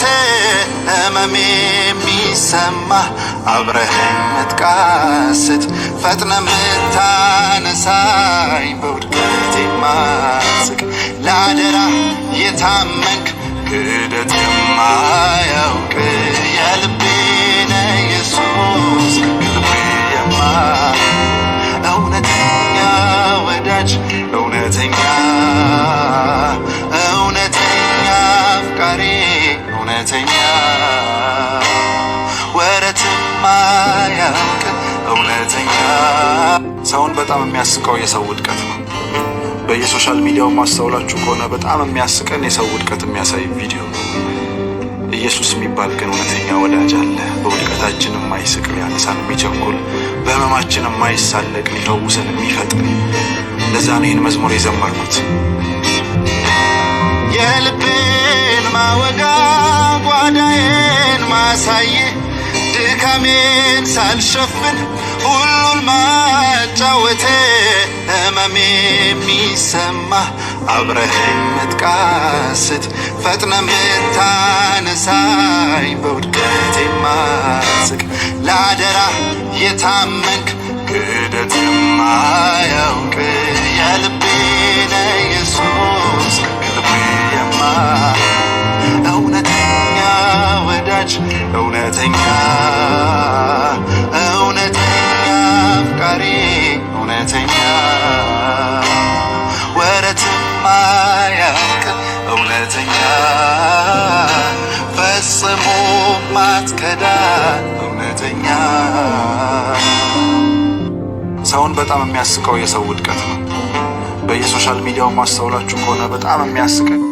ሞት ህመሜ የሚሰማ አብረህን ምትቃስት ፈጥነ ምታነሳኝ በውድቀት ማስቅ ለአደራ የታመንክ ክደት ከማያውቅ የልቤነ ኢየሱስ የማ እውነተኛ ወዳጅ እውነተኛ እውነተኛ እውነተኛ። ሰውን በጣም የሚያስቀው የሰው ውድቀት ነው። በየሶሻል ሚዲያው ማስተውላችሁ ከሆነ በጣም የሚያስቀን የሰው ውድቀት የሚያሳይ ቪዲዮ ነው። ኢየሱስ የሚባል ግን እውነተኛ ወዳጅ አለ። በውድቀታችን የማይስቅ ሊያነሳን የሚቸኩል፣ በህመማችን የማይሳለቅ ሊፈውሰን የሚፈጥን። ለዛ ነው ይህን መዝሙር የዘመርኩት የልቤን ማወጋ ሳሳይ ድካሜን ሳልሸፍን ሁሉን ማጫወቴ ህመሜ የሚሰማ አብረህ መጥቃስት ፈጥነ ምታነሳይ በውድቀት የማስቅ ለአደራ የታመንክ ክደት የማያውቅ እውነተኛ እውነተኛ አፍቃሪ እውነተኛ ወረትም አያውቅ እውነተኛ ፈጽሞ ማትከዳ እውነተኛ። ሰውን በጣም የሚያስቀው የሰው ውድቀት ነው። በየሶሻል ሚዲያው ማስተውላችሁ ከሆነ በጣም የሚያስቀኝ